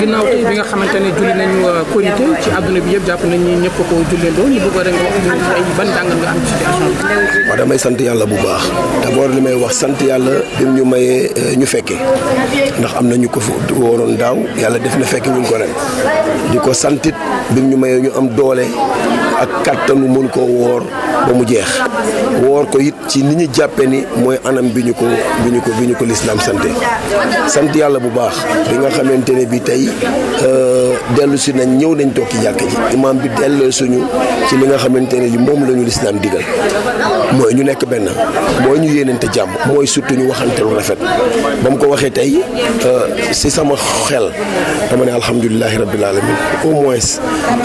ginnaaw bi nga xamante ne julli nañu euh, korité ci àdduna bi yëpp jàpp nañ ñi ñëpp ko julleendoo ñu bëgg rek nga wax nga am ci situation bi. sant yàlla bu baax d'abord li may wax sant yàlla bi ñu mayee euh, ñu fekkee ndax am na ñu ko waroon daaw yàlla def na fekke ñu ko rek di ko santit bi ñu mayee ñu am doole ak kattanu mën koo woor. ba mu jeex wor ko yit ci ni ñu ni moy anam biñu ko biñu ko biñu ko lislaam sante sant yàlla bu baax bi nga xamantene bi tay euh delu ci nañ ñew nañ tokki jakk ji imam bi delloo suñu ci li nga xamantene ne mom lañu l'islam digal moy ñu nekk ben moy ñu yénenté jamm moy surtout ñu waxanté lu rafet bam ko waxé tay euh ci sama xel dama né alhamdulilahi rabbil alamin au moins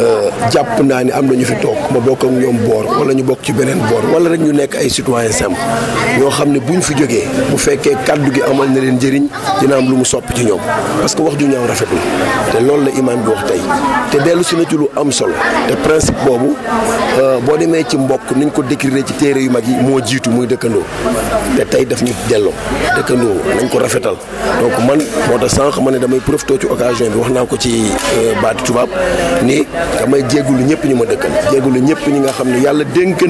euh, jàpp naa ni am lañu fi tok ma bokk ak ñom bor wala ñu bokk ci beneen boor wala rek ñu nekk ay citoyen simple ñoo xam ne bu ñu fi jógee bu fekkee kàddu gi amal na leen njëriñ dina am lu mu sopp ci ñoom parce que wax ju ñaaw rafetul te loolu la imaam bi wax tey te dellu si na ci lu am solo te principe boobu euh, boo demee ci mbokk niñ ko décrire ci téere yu mag yi moo jiitu muy dëkkandoo te tey daf ñu delloo dëkkandoo nañ ko rafetal donc man moo tax sànq ma ne damay profité ci occasion bi wax naa ko ci euh, baatu tubaab ni damay jéggulu ñëpp ñu ma dëkkal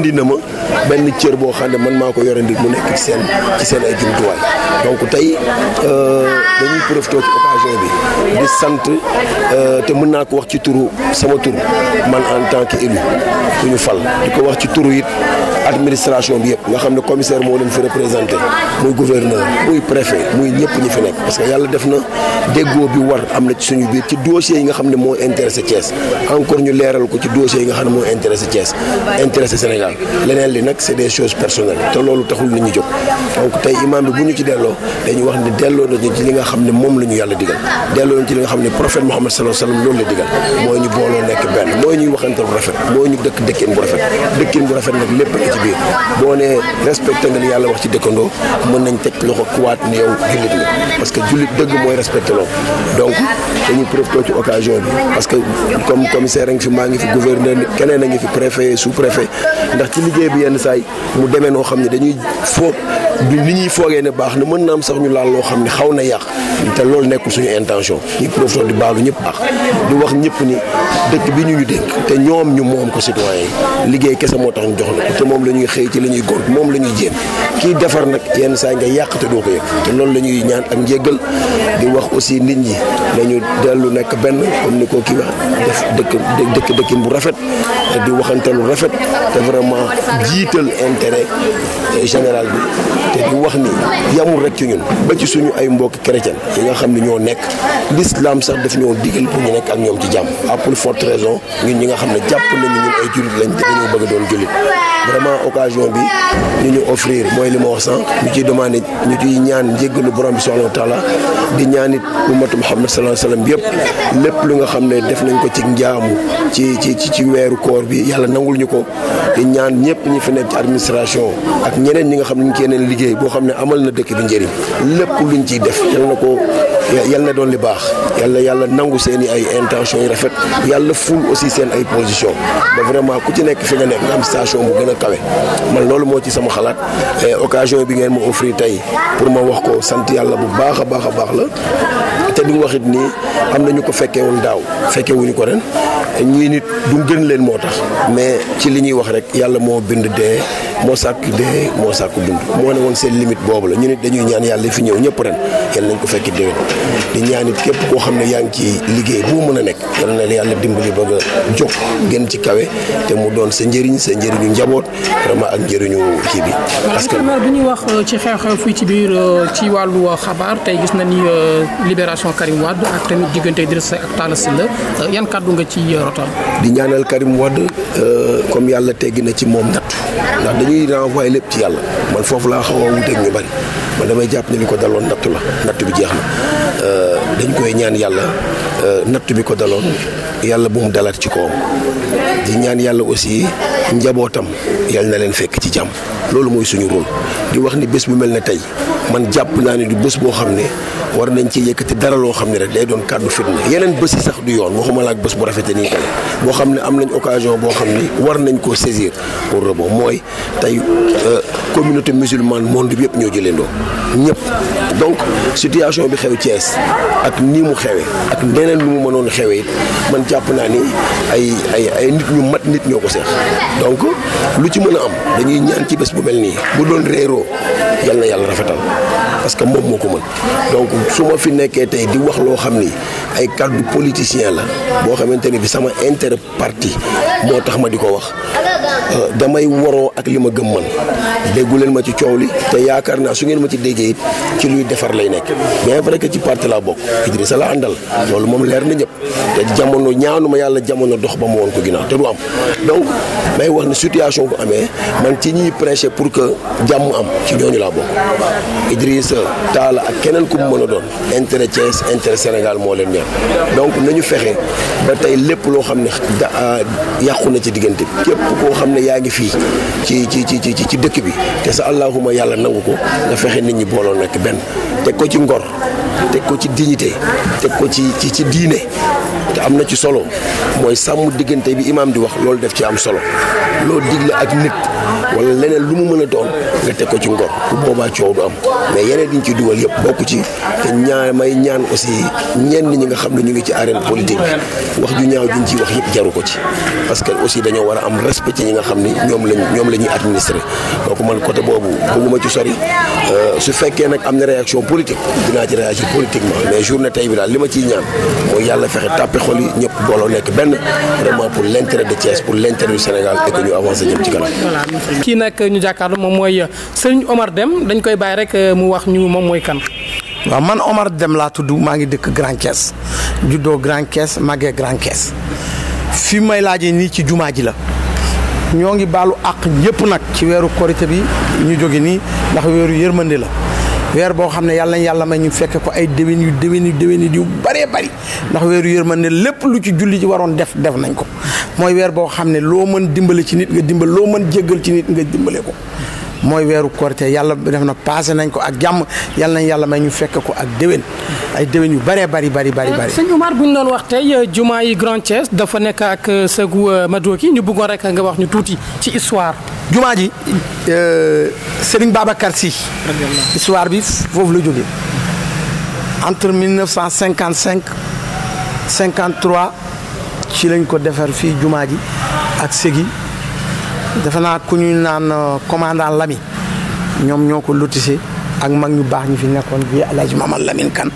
indi na ma benn cër boo xam ne man maa ko yorandi mu nekk ci seen ci seen ay jumtuwaay donc tey euh, dañuy profité ci occasion bi di sant euh, te mën naa ko wax ci turu sama tur man en tant que élu ku ñu fal di ko wax ci turu it administration bi yëpp nga xam ne commissaire moo leen fi représenté muy gouverneur muy préfet muy ñëpp ñi fi nekk parce que yàlla def na déggoo bi war am na ci suñu biir ci dossier yi nga xam ne moo intéressé Thiès encore ñu leeral ko ci dossier yi nga xam ne moo intéressé Thiès intéressé Sénégal leneen li nag c'est des choses personnelles te loolu taxul nit ñi jóg donc tey imaam bi bu ñu ci delloo dañuy wax ne delloo na nañu ci li nga xam ne moom la ñu yàlla digal delloo nañu ci li nga xam ne prophète Muhammad sallallahu alayhi wasallam loolu la digal mooy ñu booloo nekk benn mooy ñuy waxante bu rafet mooy ñu dëkk dëkkin bu rafet dëkkin bu rafet nag lépp ci biir boo nee respecté nga li yàlla wax ci dëkkandoo mën nañ teg loxo kuwaat ne yow jullit la parce que jullit dëgg mooy respecté loolu donc dañuy profité ci occasion bi parce que comme commissaire a maa ngi fi gouverneur keneen a ngi fi préfet ndax liggéey bi yenn saay mu demee noo xam ne dañuy foog du ni ñuy foogee ne baax na mën na am sax ñu laal loo xam ne xaw na yàq te loolu nekkul suñu intention ñu professeur baalu ñëpp baax di wax ñëpp ni dëkk bi ñu te ñoom ñu moom ko citoyen yi liggéey kese moo tax ñu jox na te moom la ñuy xëy ci la ñuy gont moom la ñuy jéem kii defar nag yenn saay nga yàq te doo ko yëg te loolu la ñuy ñaan ak njéggal di wax aussi nit ñi dañu dellu nekk benn comme ni ko kii wax def dëkk dëkk dëkkin bu rafet di waxante rafet te vraiment vraiment jiital intérêt euh, général bi te di wax ni yamul rek ci ñun ba ci suñu ay mbokk chrétien yi nga xam ne ñoo nekk l'islam sax daf ñoo digal pour ñu nekk ak ñoom ci jàmm à plus forte raison ñun ñi nga xam ne jàpp nañu ñun ay jullit lañ te dañoo doon jullit vraiment occasion bi ñu ñu offrir mooy li ma wax sànq ñu ciy demandé ñu ñaan njéggalu borom bi subhanahu wa taala di ñaanit ummatu Muhammad sallallahu alayhi wasallam yëpp lépp lu nga xam ne def nañ ko ci njaamu ci ci ci weeru koor bi yàlla nangul ñu ko ñaan ñëpp ñi fi nekk ci administration ak ñeneen ñi nga xam ne ñu ngi liggéey boo xam ne amal na dëkk bi njariñ lépp luñ ciy def yal na ko yal na doon li baax yàlla yàlla nangu seen i ay intention yu rafet yàlla ful aussi seen ay position ba vraiment ku ci nekk fi nga nekk nga am station bu gën a kawe man loolu moo ci sama xalaat eh, occasion bi ngeen ma offrir tey pour ma wax ko sant yàlla bu baax a baax a baax la te li mu wax nii am na ñu ko fekkewul daaw fekkewuñu ko ren ñii nit du gën leen moo tax mais ci li ñuy wax rek yàlla moo bind dee moo sàkk dee moo sàkk dund moo ne woon seen limite boobu la ñu nit dañuy ñaan yàlla fi ñëw ñëpp ren yàlla nañ ko fekki déwén di ñaanit képp koo xam ne yaa ci liggéey bu mën a nekk yàlla na yàlla dimbali bëgg a jóg gën ci kawe te mu doon sa njëriñ sa njëriñu njaboot vraiment ak njëriñu kii bi parce que bu ñuy wax euh, ci xew-xew fii ci biir euh, ci wàllu euh, xabaar tey gis na ni libération Karim Wade ak tamit diggante Idrissa ak Talla Sylla yan kàddu nga ci rotal di ñaanal Karim Wade comme yàlla teggi ci moom natt ndax dañuy renvoyer lépp ci yàlla man foofu laa xaw a wuteeg ñu bari man damay jàpp ne li ko daloon nattu la nattu bi jeex na euh, dañ koy ñaan yàlla euh, nattu bi ko daloon yàlla bu mu dalaat ci kawam di ñaan yàlla aussi njabootam yàlla na leen fekk ci jàmm loolu mooy suñu rôle di wax ni bés bu mel na tey man japp na ni du bëss bo xamné war nañ ci yëkëti dara lo xamné rek day doon kàddu fitna yeneen bés yi sax du yoon waxuma la ak bés bu rafété ni tay bo xamné am nañ occasion bo xamné war nañ ko saisir pour rebo moy tay euh, communauté musulmane monde bi yëpp ñoo jëlendo ñëpp donc situation bi xew ci Thiès ak ni mu xewé ak neneen lu mu mënon xewé man japp na ni ay ay ay nit ñu mat nit ñoko xex donc lu ci mëna am dañuy ñaan ci bëss bu melni bu doon réro yalla yalla rafetal parce que moom moo ko mën donc su ma fi nekkee tey di wax loo xam ni ay kàddu politicien la boo xamante ni bi sama intérêt parti moo tax ma di ko wax Euh, damay waroo ak li ma gëm man déggu leen ma ci coow li te yaakaar naa su ngeen ma ci déggee ci luy defar lay nekk bien vrai que ci parti laa bokk Idrissa la àndal loolu moom leer na ñëpp te jamono ñaanu ma yàlla jamono dox ba ma woon ko ginnaaw te du am donc may wax ne situation bu amee man ci ñuy prêcher pour que jàmm am ci ñooñu laa bokk Idrissa Talla ak keneen ku mu mën a doon intérêt Thiès intérêt Sénégal moo leen ñaan donc nañu fexe ba tey lépp loo xam ne euh, yàqu na ci diggante képp koo xam xam na yaa ngi fii ci ci ci ci ci dëkk bi te sa allahuma yàlla nangu ko nga fexe nit ñi booloo nekk benn te ko ci ngor tek ko ci dignité tek ko ci ci ci te ci solo moy sammu digënté bi imam di wax lool def ci am solo lo diglé ak nit wala leneen lu mu mëna doon nga tek ko ci ngor bu boba ci du am mais yeneen diñ ci duwal yépp bokku ci té ñaar may ñaan aussi ñen ñi nga xam ñu ngi ci arène politique wax ju ñaaw diñ ci wax yépp jaru ko ci parce que aussi dañu wara am respect ci ñi nga nyomlen ñom lañ ñom lañuy administrer donc man côté boobu bëgguma ci sori euh, su nak am réaction politique dina ci réaction ci politiquement mais journée tey bi daal li ma ciy ñaan mooy yàlla fexe tàppe xol yi ñëpp booloo nekk benn vraiment pour l' intérêt de Thiès pour l' intérêt du Sénégal et que ñu avancé jëm ci kanam. kii nag ñu jàkkaarloo moom mooy euh, Serigne Omar dem dañ koy bàyyi rek euh, mu wax ñu moom mooy kan. waaw man Omar dem laa tudd maa ngi dëkk Grand Thiès juddoo Grand Thiès màggee Grand Thiès fi may laajee nii ci jumaa ji la. ñoo ngi baalu àq ñëpp nag ci weeru korité bi ñu jóge nii ndax weeru yërmande la weer boo xam ne yàlla yàlla may ñu fekk ko ay déwén yu déwén yu déwén yu bëree bëri ndax weeru yërmande lépp lu ci julli ci waroon def def nañ ko mooy weer boo xam ne loo mën dimbale ci nit nga dimbal loo mën jéggal ci nit nga dimbale ko mooy weeru korite yàlla def na passé nañ ko ak jàmm yàlla nañ yàlla may ñu fekk ko ak déwén ay déwén yu bëree bari bari bari bari sëñ Oumar bu ñu doon wax tey euh, jumaa yi Grand Thiès dafa nekk ak euh, sëgu euh, Madoki ñu bëggoon rek nga wax ñu tuuti ci histoire jumaa ji Serigne Babacar Sy histoire bi foofu la jóge entre 1955 53 ci lañ ko defar fii jumaa ji ak sëgi defe naa ku ñu naan euh, commandant Lami ñoom ñoo ko lotissé ak mag ñu baax ñu fi nekkoon bi Alaaji Mamal Lamine Kan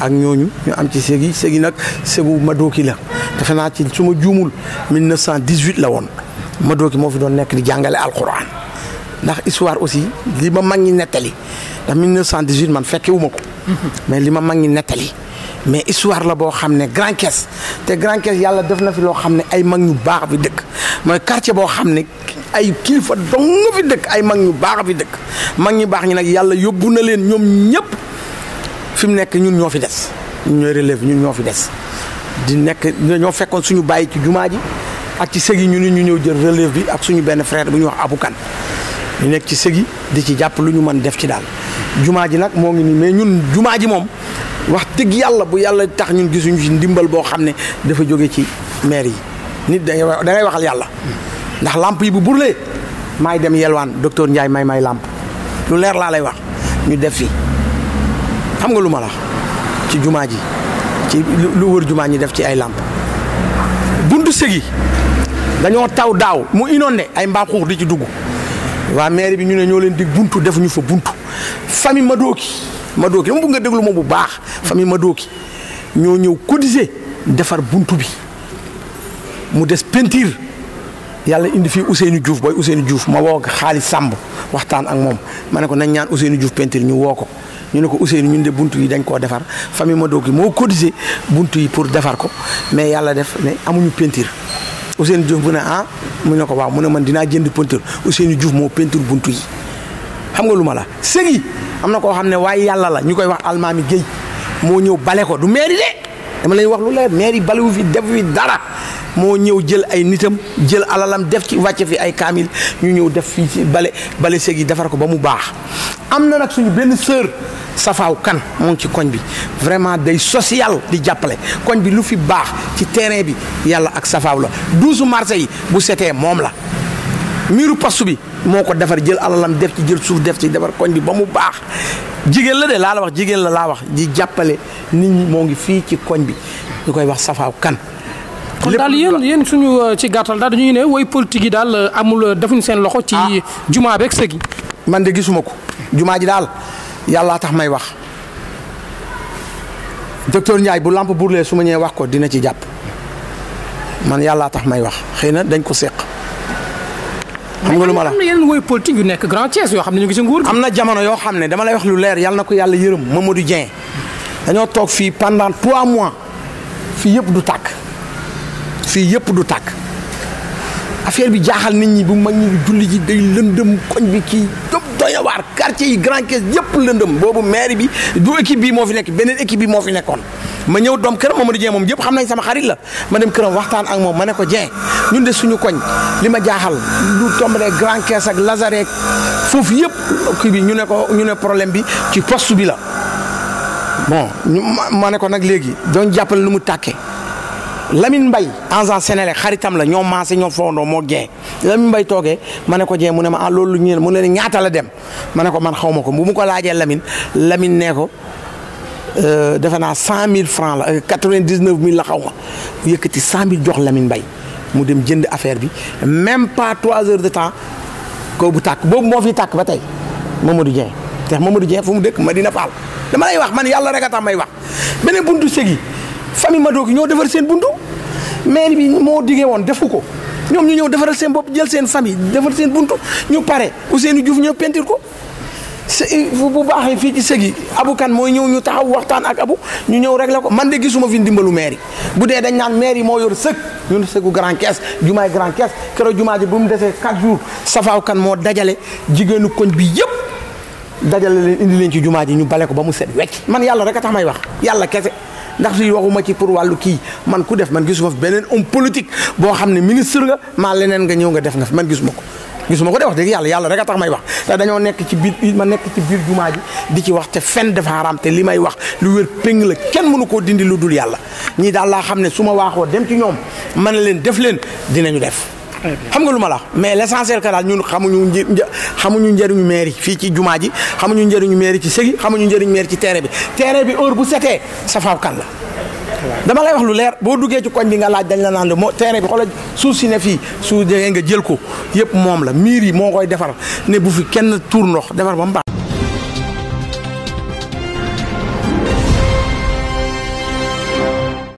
ak ñooñu ñu am ci ségi ségi nag ségu Madoki la defe naa ci su ma juumul 1918 la woon Madoki moo fi doon nekk di jàngale alquran ndax histoire aussi li ma mag ñi nettali ndax 1918 man fekke wu ma ko mais li ma mag ñi nettali mais histoire la boo xam ne grand caisse te grand caisse yàlla def na fi loo xam ne ay mag ñu baax bi dëkk mooy quartier boo xam ne ay kilifa dong fi dekk ay mag ñu baax fi dekk mag ñu baax ñi nak yalla yobbu na leen ñom ñepp fim mu nekk ñun ñoo fi des ñun ñooy relève ñun ñoo fi di nekk ñoo fekkon suñu baye ci jumaa ji ak ci segi ñu ñu ñew jël relève bi ak suñu benn frère bu ñu wax abukan ñu nekk ci segi di ci japp lu ñu mën def ci daal jumaa ji nag ngi ni mais ñun jumaa ji wax dëgg yalla bu yalla tax ñun gisuñu ci ndimbal bo xamne dafa joge ci maire yi nit da ngay waxal yàlla ndax lamp yi bu burlé may dem yelwan docteur ndjay may may lamp lu leer la lay wax ñu def fi xam nga luma la ci jumaa ji ci lu wër jumaa ñi def ci ay lamp buntu segi dañu taw daw, mu inondé ay mbaa xuux di ci dugg wa maire bi ñu né ñoo leen di buntu ñu fa buntu fami madoki madoki mu nga déglu mo bu baax fami madoki ñoo ñew cotiser defar buntu bi mu dess peinture yàlla indi fii Ousseynou Diouf booy Ousseynou Diouf ma woo xaalis Samb waxtaan ak moom ma ne ko nañ ñaan Ousseynou Diouf peinture ñu woo ko ñu ne ko Ousseynou ñun de buntu yi dañ koo defar famille Madoki moo cotisé buntu yi pour defar ko mais yàlla def ne amuñu peinture Ousseynou Diouf bu ne ah mu ne ko waaw mu ne man dinaa jënd peinture Ousseynou Diouf moo peinture buntu yi xam nga lu ma la sëgi am na koo xam ne waaye yàlla la ñu koy wax almaami Guèye moo ñëw bale ko du mairie de dama lañ wax lu leer mairie balewu fi defu fi dara moo ñëw jël ay nitam jël alalam def ci wàcce fi ay kaamil ñu ñëw def fii ci bale bale seeg yi defar ko ba mu baax am na nag suñu benn sœur safaw kan mu ci koñ bi vraiment day social di jàppale koñ bi lu fi baax ci terrain bi yàlla ak safaaw la 12 mars yi bu setee moom la miru pastu bi moo ko defar jël alalam def ci jël suuf def ci defar koñ bi ba mu baax jigéen la de laa la wax jigéen la laa wax di jàppale nit ñi moo ngi fii ci koñ bi ñu koy wax safaaw kan kon daal yéen yéen suñu euh, ci gàttal daal dañu ne way politique yi daal euh, amul euh, defuñ seen loxo. ci ah. jumaa beeg sëg man de gisuma ko jumaa ji daal yàllaa tax may wax docteur Ndiaye bu lamp burlee su ma ñëwee wax ko dina ci jàpp man yàllaa tax may wax xëy na dañ ko seq. ma la am na yeneen woy politique yu nekk Grand Thiès yoo xam ne ñu ngi ci am na jamono yoo xam ne dama lay wax lu leer yàlla na ko yàlla yërëm du Dieng dañoo toog fii pendant trois mois fii yëpp du takk fii yëpp du tàkk affaire bi jaaxal nit ñi bu mag ñi julli ji day lëndëm koñ bi kii yëpp doy na waar quartier yi grand caisse yëpp lëndëm boobu maire bi du équipe bi moo fi nekk beneen équipe bi moo fi nekkoon ma ñëw doom këram moom yëpp xam nañ sama xarit la ma dem këram waxtaan ak moom ma ne ko Dieng ñun de suñu koñ li ma jaaxal lu tombale grand caisse ak lazareek foofu yëpp kii bi ñu ne ko ñu ne problème bi ci poste bi la bon ma ne ko nag léegi doon jàppale lu mu tàkkee Lamine Mbaye agent Sénélec xaritam la ñoo maase ñoom fondoo moo Dieng Lamine Mbaye toogee ma ko Dieng mu ne ma ah loolu ñu mu ne la ñaata la dem ma ne ko man xaw ma ko bu mu ko laajee Lamine Lamine nee ko euh, defe naa cent mille francs la euh, quatre-vingt-dix-neuf mille la xaw ma yëkkati cent mille jox Lamine Mbaye mu dem jënd affaire bi même pas trois de temps kaw bu tàkk boobu moo fi tàkk ba tey Mamadou Dieng te du Dieng fu mu dëkk ma Madina Fall dama lay wax man yàlla rek a tax may wax beneen buntu segi famille Madoki ñoo defar seen buntu. mairie bi moo digee woon defu ko ñoom ñu ñëw defaral seen bopp jël seen famille defar seen buntu ñu pare Ousseynou Diouf ñëw pentir ko. bu baaxee fii ci sëg yi abu kan mooy ñëw ñu taxaw waxtaan ak abu ñu ñëw rek la ko man de gisuma fi ndimbalu mairie bu dee dañ naan mairie moo yor sëg ñun sëgu grand caisse jumaay grand caisse keroog jumaa ji bu mu desee 4 jours safaaw kan moo dajale jigéenu koñ bi yëpp dajale leen indi leen ci jumaa ji ñu bale ko ba mu set wecc man yàlla rek a may wax yàlla kese. ndax si waxuma ci pour wàllu kii man ku def man gisuma fi beneen homme politique boo xam ne ministre nga maa leneen nga ñëw nga def nga fi man gisuma ko gisuma ko de wax dëgg yàlla yàlla rek a tax may wax te dañoo nekk ci biir ma nekk biir jumaa ji di ci wax te fen dafa haram te li may wax lu wér péng la kenn mënu koo dindi lu dul yàlla ñii daal laa xam ne su ma waaxoo dem ci ñoom man leen def leen dinañu def xam nga lu ma la mais l' essentiel que daal ñun xamuñu xamuñu njëriñu mairie fii ci jumaa ji xamuñu njëriñu mairie ci sëgi xamuñu njëriñu mairie ci terrain bi terrain bi heure bu setee sa kan la dama lay wax lu leer boo duggee ci koñ bi nga laaj dañ la naan moo terrain bi xoolal suuf si ne fii suuf jegee nga jël ko yëpp moom la miir yi moo koy defar ne bu fi kenn tuur ndox defar ba mu baax